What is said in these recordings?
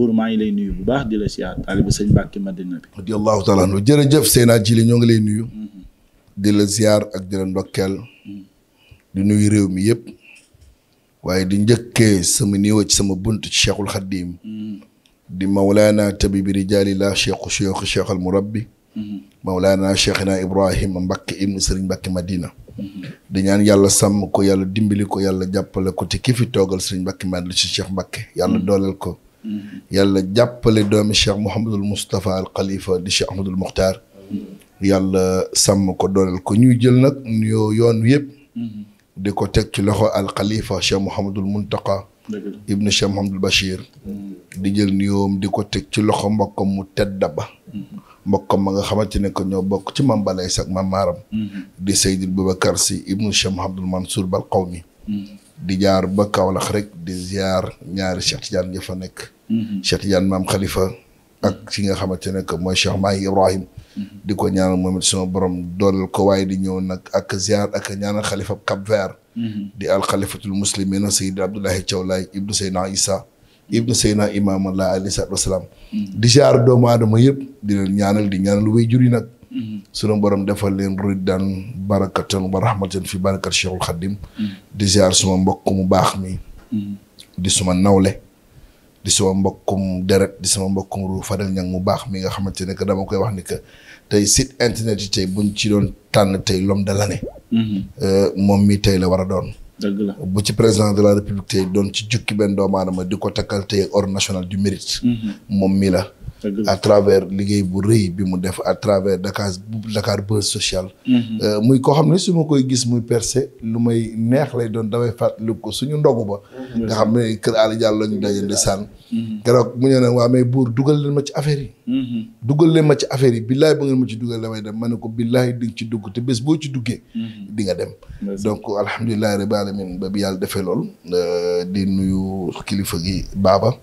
buur maa ngi lay nuyu bu baax di la siyaar taaliba sëñ Mbàkke Madina bi jërëjëf Seyna Jili ñoo ngi lay nuyu mm-hmm. di la ziar ak di la ndokkeel mm-hmm. di nuyu réew mi yëpp waaye di njëkkee sama niwa ci sama bunt ci cheikhul xaddiim mm-hmm. di mawlaana tabibi rijaalillah cheikhu cheikhu cheikh al murabbi mawlaana cheikhina ibrahima mbakke ibnu sëriñ mbakke madina di ñaan yàlla sàmm ko yàlla dimbali ko yàlla jàppale ko te ki fi toogal sëriñ mbakke madina ci mbakke yàlla dooleel ko yàlla jàppale doomi cheikh Mouhamadul Moustapha al Khalifa di cheikh Ahmadul Mokhtar. yàlla sàmm ko dooleel ko ñuy jël nag nuyoo yoon wi yëpp. Mm-hmm. di ko teg ci loxo al Khalifa cheikh Mouhamadul Muntaqa. ibnu cheikh Mouhamadul Bachir. Mm-hmm. di jël nuyoom di ko teg ci loxo mbokkam mu tedd ba. Mm-hmm. mbokkam ma nga xamante ne que ñoo bokk ci mam balay sax mam maaram. di Seydil Boubacar si ibnu cheikh Mouhamadul Mansour di jaar ba Kaolack rek di ziar ñaari Cheikh Tidiane ya fa nekk. Mhm. Cheikh Tidiane maam Khalifa. ak ki nga xamante ne que mooy Cheikh mhm. di ko ñaanal moom it sama borom dooleel ko waaye di ñëw nag ak ziar ak ñaanal xalifa Cap Vert. Mhm. di al xalifatul muslimina Seydina Abdoulaye Thiaw Laye ibnu Seyna Issa. ibnu Imaam Allah alayhi salaatu wa di ziar doomu aadama yëpp di leen ñaanal di ñaanal way nag. sunu borom defal leen ruj daan barakatan wa rahmatan fi barakat Cheikhul Khadim di ziar suma mbokk mu baax mi di suma nawle di sama mbokkum deret di sama mbokkum ru Fadel Niang mu baax mi nga xamante ne que dama koy wax ni que tey site internet yi tey buñ ci doon tànn tey l'homme de l'année euh, moom mi tey la war a doon dëgg la bu ci président de la république tey doon ci jukki benn doomu aadama di ko takkal tey ordre national du mérite mhm. moom mi la à travers liggéey bu rëy bi mu def à travers Dakar Dakar Buzz Social. Mhm. Euh, muy koo xam ne suma koy gis muy percé lu may neex lay doon damay fàttaliku ko suñu ndogu ba. nga xam ne kër Aly Diallo lañu daje ndeysaan keroog mu ñëw ne waa mais buur dugal leen ma ci affaire yi dugal leen ma ci affaire yi billaay ba ngeen ma ci dugal damay dem ma ne ko billaay di nga ci dugg te bés boo ci duggee di nga dem donc alhamdulilahi rabbi alamin ba bi yàlla defee lool euh, di nuyu kilifa gi baaba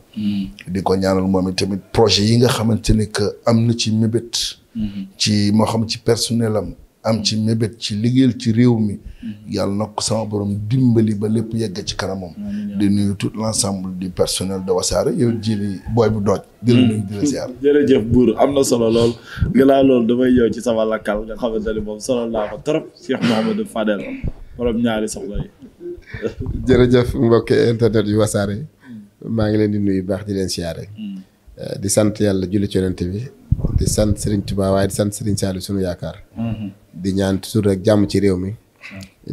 di ko ñaanal moom tamit projet yi nga xamante ne am na ci mébét mm-hmm. ci moo xam ci personnel am am ci mébét ci liggéeyal ci réew mi mm-hmm. yàlla na ko sama borom dimbali ba lépp yegg ci kanamam di nuyu tout l' ensemble du personnel de Wassare yow jili bu dooj di la mm-hmm. jërëjëf buur am na solo lool gilaa loolu damay yow ci sama lakkal nga xamante ne moom solo laa ko trop Cheikh Mouhamadou Fadel borom ñaari soxla yi jërëjëf mbokk internet yu Wassare mm. maa ngi leen di nuyu baax di leen siyaare mm. eh, di sant yàlla julli ci yonent bi di sant Serigne Touba waaye di sant Serigne Saliou sunu yaakaar mm-hmm. di ñaan toujours rek jàmm ci réew mi.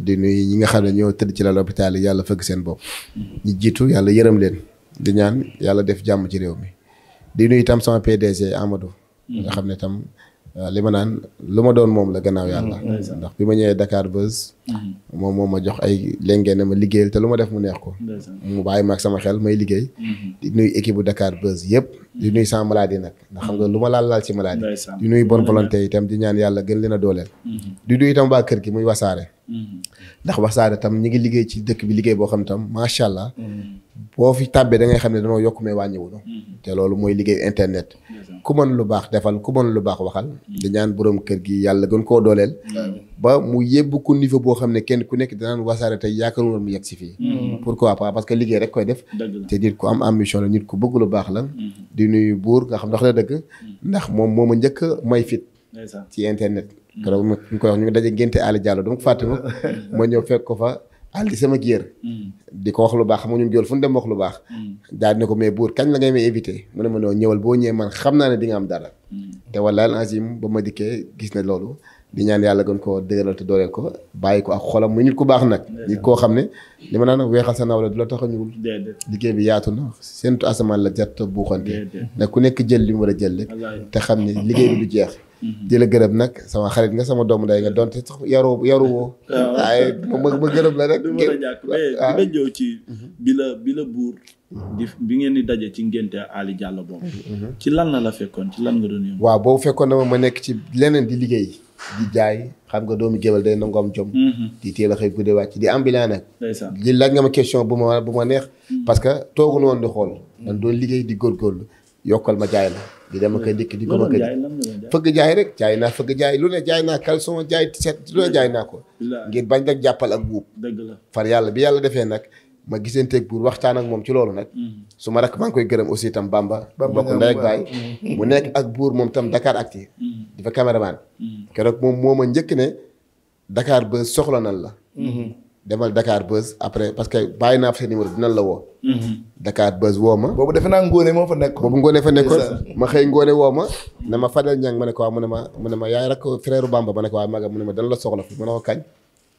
di nuy ñi nga xam ne ñoo tëdd ci lal hôpital yi yàlla fëgg seen bopp. ñi jiitu yàlla yërëm leen. di ñaan yàlla def jàmm ci réew mi. di nuyu itam sama PDG Amadou. nga xam ne tam waaw euh, li ma naan lu ma doon moom la gannaaw mm-hmm. yàlla. ndax bi ma ñëwee Dakar Buzz. Mm-hmm. moom moom ma jox ay lengeen ma liggéeyal te lu ma def mu neex ko. mu bàyyi ma ak sama xel may liggéey. Mm-hmm. di nuyu équipe bu Dakar Buzz yëpp. di nuyu sans maladie nag ndax xam nga lu ma laal laal ci maladie. di nuyu bonne volonté itam di ñaan yàlla gën leen na dooleel. di nuyu itam waa kër gi muy wasaare. ndax wasaare tam ñu ngi liggéey ci dëkk bi liggéey boo xam ne tam macha allah. boo fi tàbbee da ngay xam ne danoo yokk mais wàññiwuñu. te loolu mooy liggéey internet. ku mën lu baax defal ku mën lu baax waxal. di ñaan kër gi yàlla gën koo dooleel. ba mu yebbu ko niveau boo xam ne kenn ku nekk danaan wasaare tey yaakaar woon mu yegg si fii. Mm. pourquoi pas parce que liggéey rek koy def. te nit ku am ambition nit ku bëgg baax la. Mm-hmm. di nuyu buur nga xam ndax la dëgg. Mm. ndax moom moo ma njëkk may fit. ci internet. Mm. keroog ñu koy wax ñu ngi daje ngénte Aly Diallo dama ko fàtte ma. ma ñëw fekk ko fa. àlli sama géer hmm. di ko wax lu baax xam nga ñun jool fu ñu dem wax lu baax hmm. daal ne ko mais buur kañ la ngay may invité mu ne ma noo ñëwal boo ñëwee man xam naa ne di am dara hmm. te walaal azim ba ma dikkee gis na loolu di ñaan yàlla gën koo dëgëral te dooleel ko bàyyi ko ak xolam mu nit ku baax nag nit koo xam ne li ma naan weexal sa nawle du la tax a ñuul liggéey bi yaatu na seentu asamaan la jàtt buuxante nag ku nekk jël li mu war a jël rek te xam ne liggéey bi jeex Mhm. di la gërëm nag sama xarit nga sama doomu day nga donte sax yaru yaru woo. waaye ma ma gërëm la rek. du mën a ci. Mhm. bi la bi buur. bi ngeen di daje ci ngénte Ali Diallo boobu. Mhm, ci lan la la fekkoon ci lan nga doon yëngu. waaw boobu fekkoon na ma nekk ci leneen di liggéey. di jaay xam nga doomu géwél day nangu am jom. di teel a xëy guddi wàcc di am ambulant nag. li laaj nga ma question bu ma bu ma neex. parce que tooguñu woon di xool. man doon liggéey di góorgóorlu yokkal ma jaay la. di dem ak a dikk di ko ak a fëgg jaay rek jaay naa fëgg jaay lu ne jaay naa caleçon jaay set lu ne jaay naa ko ngir bañ rek jàppal ak buub far yàlla bi yàlla defee nag ma gisanteeg buur waxtaan ak moom ci loolu nag mm-hmm. su ma rak maa ngi koy gërëm aussi tam Bamba bokk ndey ak mu nekk ak buur moom itam ak Actu mm-hmm. di fa caméraman mm-hmm. keroog moom moo ma njëkk ne Dakar ba soxla nan la demal dakaar Buzz après parce que bàyyi naa fa sa numéro dina la woo. Mhm. Dakar Buzz woo ma. boobu defe naa Ngone moo fa nekk nekkoon. boobu Ngone fa nekkoon ma xëy Ngone woo ma. ne ma Fadel Niang ma ne ko waaw mu ne ma ne ma yaay rakk frère Bamba ma ne ko waaw ne ma dana la soxla fi ma ne ko kañ.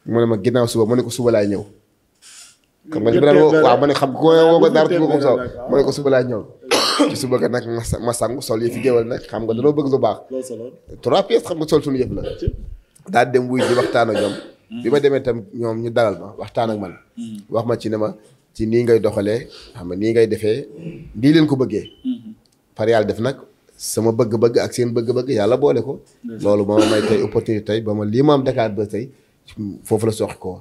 mu ne ma ginnaaw suba ma ne ko suba laay ñëw. xam nga li ma woo ma ne xam ko woo ko daara ko saw ma ne ko suba laay ñëw. ci suba nag ma ma sangu sol yi fi géwal nag xam nga daloo bëgg lu baax. trois pièces xam nga sol suñu yëf la. daal dem wuy ji waxtaan ak ñoom Mm-hmm. bi ma demee tam ñoom ñu dalal ma waxtaan ak man. Mm-hmm. wax ma ci ne ma ci nii ngay doxalee xam nga nii ngay defee nii leen ko bëggee. Mm-hmm. par yàlla def nag sama bëgg-bëgg ak seen bëgg-bëgg yàlla boole ko. loolu moo may tey opportunité ba ma lii ma am ba tey foofu la sox ko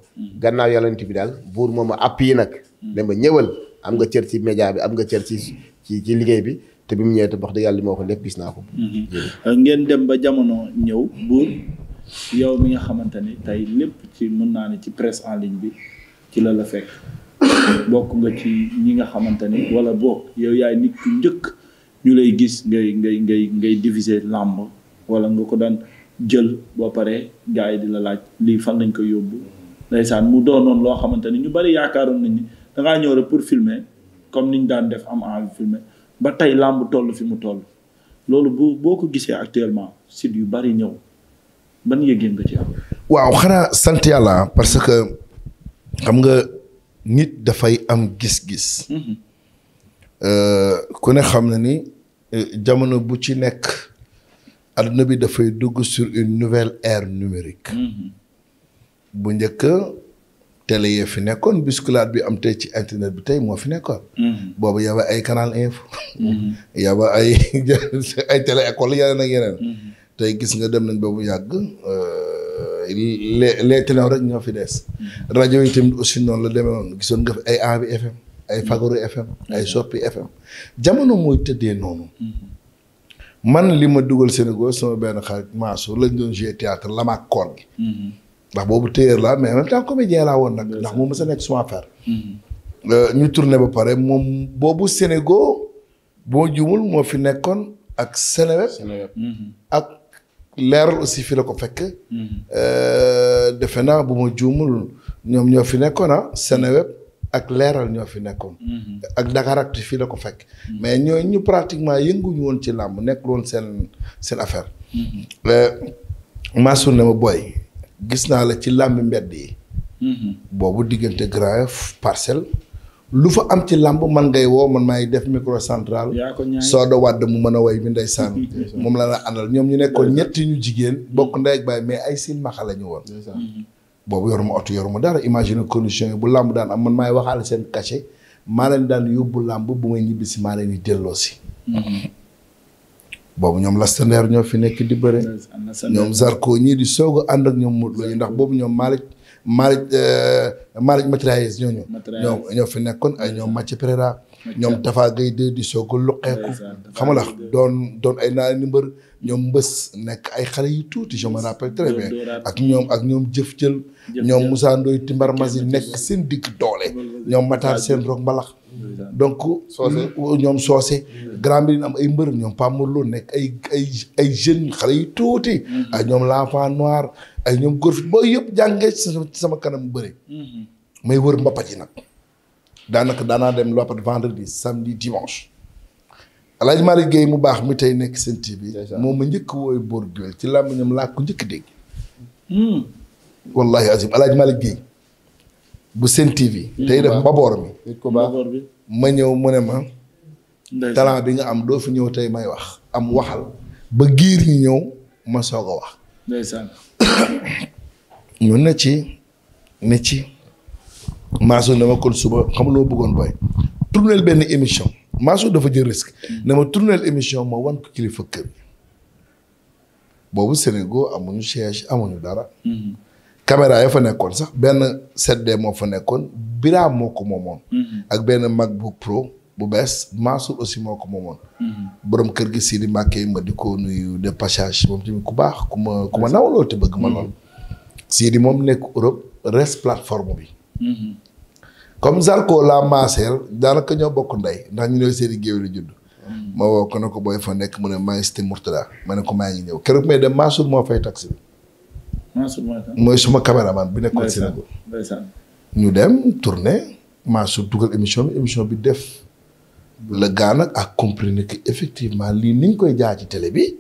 gannaaw yàlla bi daal buur moo ma appui nag. ne ma ñëwal am nga cër ci média bi am nga cër ci ci ci liggéey bi. te bi mu ñëwee te wax dëgg yàlla li ma wax lépp gis naa ko. ngeen dem ba jamono ñëw buur. yow mi nga xamante ni tey lépp ci mën naa ne ci presse en ligne bi ci la la fekk bokk nga ci ñi nga xamante ni wala bokk yow yaay nit ku njëkk ñu lay gis ngay ngay ngay ngay diviser làmb wala nga ko daan jël boo paree gars yi di la laaj lii fan lañ ko yóbbu ndeysaan mu doonoon loo xamante ni ñu bari yaakaaroon nañ ni dangaa ñëw pour filmer comme ni ñu daan def am envie filmer ba tey làmb toll fi mu toll loolu bu boo ko gisee actuellement site yu bari ñëw ban yëgin ci waaw xanaa sant yàlla parce que xam nga nit dafay am gis-gis. Mhm. Euh, ku ne xam na ni euh, jamono bu ci nekk àdduna bi dafay dugg sur une nouvelle air numérique. Mhm. bu njëkk télé yee fi nekkoon bousculade bi am tey ci internet bi tey moo fi nekkoon. Mhm. boobu y ay canal info. y ay ay télé école yeneen ak yeneen. tey gis nga dem nañ ba mu yàgg euh, les les télévisions rek ñoo fi des. rajo yi tamit aussi noonu la demee noonu gisoon nga fi ay Aabi FM. ay Fagaru FM ay Soppi FM jamono mooy tëddee noonu. Mm-hmm. man li ma dugal Sénégal sama benn xarit Mansour lañ doon jouer théâtre la maag koor gi. Mm-hmm. ndax boobu téyeur laa mais en même temps comédien laa woon nag. ndax moom mës a nekk suma affaire. Mm-hmm. Euh, ñu tourné ba pare moom boobu Sénégal boo jumul moo fi nekkoon ak Sénéweb. ak. leeral aussi fi la ko fekk. Mhm. Euh, defe naa bu ma juumul ñoom ñoo fi nekkoon ah Seneweb ak leeral ñoo fi nekkoon. Mhm. ak Dakaractu fii la ko fekk. Mhm. mais ñoo ñu pratiquement yënguñu woon ci làmb nekkul woon seen seen affaire. Euh, Mansour ne ma booy gis naa la ci làmbi mbedd yi. boobu diggante Grand Yoff Parcelles. lu fa am ci làmb man ngay woo man maay def micro central soo da wàdd mu mën a way mi ndey sànn moom la la àndal ñoom ñu nekkoon ñetti ñu jigéen bokk ndey ak baay mais ay siin maxa la ñu woon mm-hmm. boobu yoruma oto yoruma dara imagine condition yi bu làmb daan am man maay waxaale seen cachet maa leen daan yóbbu làmb bu may ñibbi si maa leen di delloo si mm-hmm. boobu ñoom lastandeer ñoo fi nekk di bëre ñoom zarko ñii di soog ànd ak ñoom Modou Lo ndax boobu ñoom Malick Malick euh, Malick Matraillais ñooñu. ñoo ñoo fi nekkoon ay ñoom Mathieu Pereira ñoom Tafa Gueye de di soog a luqeeku xam nga doon doon ay naa ni mbër ñoom mbës nekk ay xale yu tuuti je me rappelle ak ñoom ak ñoom jëf jël ñoom Moussa Ndoye Timbar Masi nekk seen digg doole ñoom Matar seen rog mbalax donc ñoom soose grand bi am ay mbër ñoom Pamourlo nekk ay ay ay jeunes xale yu tuuti mm-hmm. ay ñoom l'enfant noir ay ñoom góor fi yëpp jàngee ci sama kanam bëre mm-hmm. may wër mbappat yi nag daanaka daanaa dem loppat vendredi samedi dimanche alaaj Malick géey mu baax mi tey nekk seen TV moom ma njëkk wooy Bour Gueweul ci ñoom laa ko njëkk dégg hmm. wallahi azim alaaj Malick Guèye bu seen TV hmm. tey def mbaboor mi ko baax ma ñëw mu ne ma talent bi nga am doo fi ñëw tey may wax am waxal ba giir ñi ñëw ma soog a wax ndeysaan na ci ne ci Mansour ne ma kon suba xam loo bëggoon booy. tournel benn émission Mansour dafa jël risque. ne ma tournel émission ma wan ko kilifa kër gi. boobu Sénégal amuñu siège amuñu dara. Mm-hmm. caméra ya fa nekkoon sax benn sedd moo fa nekkoon Bira moo ko moomoon. Mm-hmm. ak benn MacBook Pro bu bees Mansour aussi moo ko moomoon. Mm-hmm. borom kër gi Sidi Mbacke ma di ko nuyu de passage moom tamit ku baax ku ma ku ma nawloo te bëgg ma lool. Sidi moom nekk Europe res plateforme bi. comme Zarko laa maaseel daanaka ñoo bokk ndey ndax ñu ne seeni géew la judd. ma woo na ko booy fa nekk mu ne maa ngi cité ma ne ko maa ngi ñëw keroog may dem Mansour moo fay taxi bi. Mansour mooy suma caméraman bi nekkoon Sénégal. ñu dem tourné Mansour dugal émission bi émission bi def. la gars nag a compris ne effectivement lii ni koy jaay ci télé bi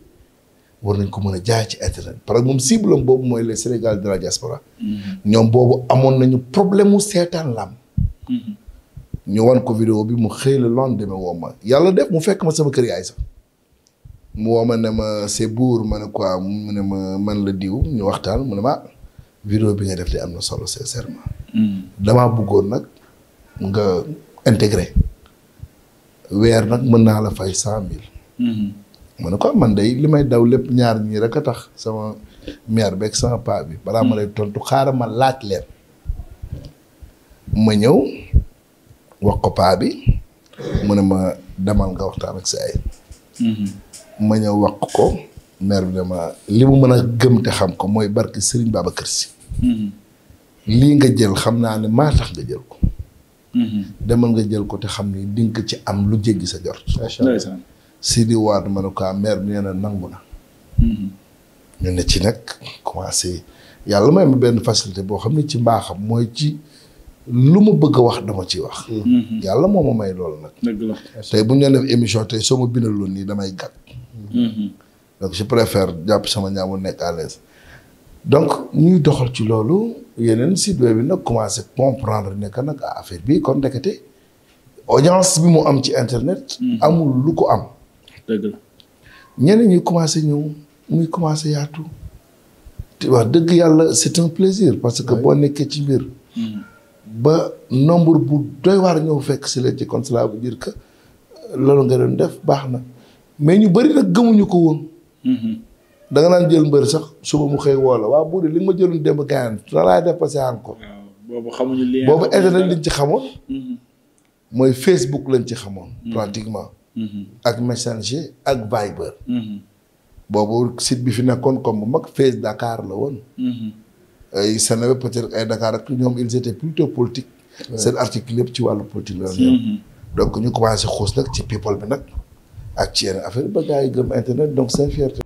war nañ ko mën a jaay ci internet parce que moom cible boobu mooy les sénégal de la diaspora. Mm-hmm. ñoom boobu amoon nañu problème mu seetaan làmb ñu wan ko vidéo bi mu xëy la lendemain woo ma yàlla def mu fekk ma sama kër yaay sax mu woo ma ne ma c'est buur ma ne ko mu ne ma man la diw ñu waxtaan mu ne ma vidéo bi nga def de am na solo sincèrement. bëggoon nag nga intégré weer nag mën naa la fay cent mille. ma ne ko man day li may daw lépp ñaar ñii rek a tax sama mère beeg sama paa bi. balaa ma lay tontu xaaral ma laaj leen. ma ñëw wax ko paa bi mu ne ma demal nga waxtaan ak ay mhm. ma ñëw wax ko maire bi dama li mu mën a gëm te xam ko mooy barke Serigne Babacar Sy mhm. lii nga jël xam naa ne maa tax nga jël ko mhm. demal nga jël ko te xam ni di nga ci am lu jéggi sa jort Sidi Wade ma ne ko ah, maire bi nee nag mu na ñu ne ci nag commencé yàlla may ma benn facilité boo xam ne ci mbaaxam mooy ci lu ma bëgg a wax dama ci wax. Mm-hmm. yàlla moo ma may loolu nag. tey bu ñu def émission tey soo ma bindaloon nii damay gàtt. Mm-hmm. donc je préfère jàpp sama ñaamu nekk à l'aise donc ñuy doxal ci loolu yeneen site web bi nag commencé comprendre ne que nag affaire bi kon ndekete audience bi mu am ci internet. Mm-hmm. amul lu ko am. dëgg la ñeneen ñi commencé ñëw muy commencé yaatu. te wax dëgg yàlla c'est un plaisir parce que boo nekkee ci biir ba nombre bu doy waar ñëw fekk si leen ci kon cela veut dire que loolu nga doon def baax na mais ñu bëri nag gëmuñu ko woon. Mm-hmm. danga nga naan jël mbër sax suba mu xëy woo la waaw bu li nga ma jëloon démb gaañan na laay dépassé aan ko. boobu xamuñu lien boobu liñ ci xamoon. Mm-hmm. mooy Facebook lañ ci xamoon. Mm-hmm. pratiquement. ak Messenger ak Viber. boobu sit bi fi nekkoon comme bu mag Face Dakar la woon. ay Seneweb peut-être ay Dakar ak ñoom ils étaient plutôt politique seen article ci wàllu politique la mm-hmm. donc ñu commencé xuus nag ci people bi nag ak ci yeneen affaire ba gars yi gëm internet donc seen fierté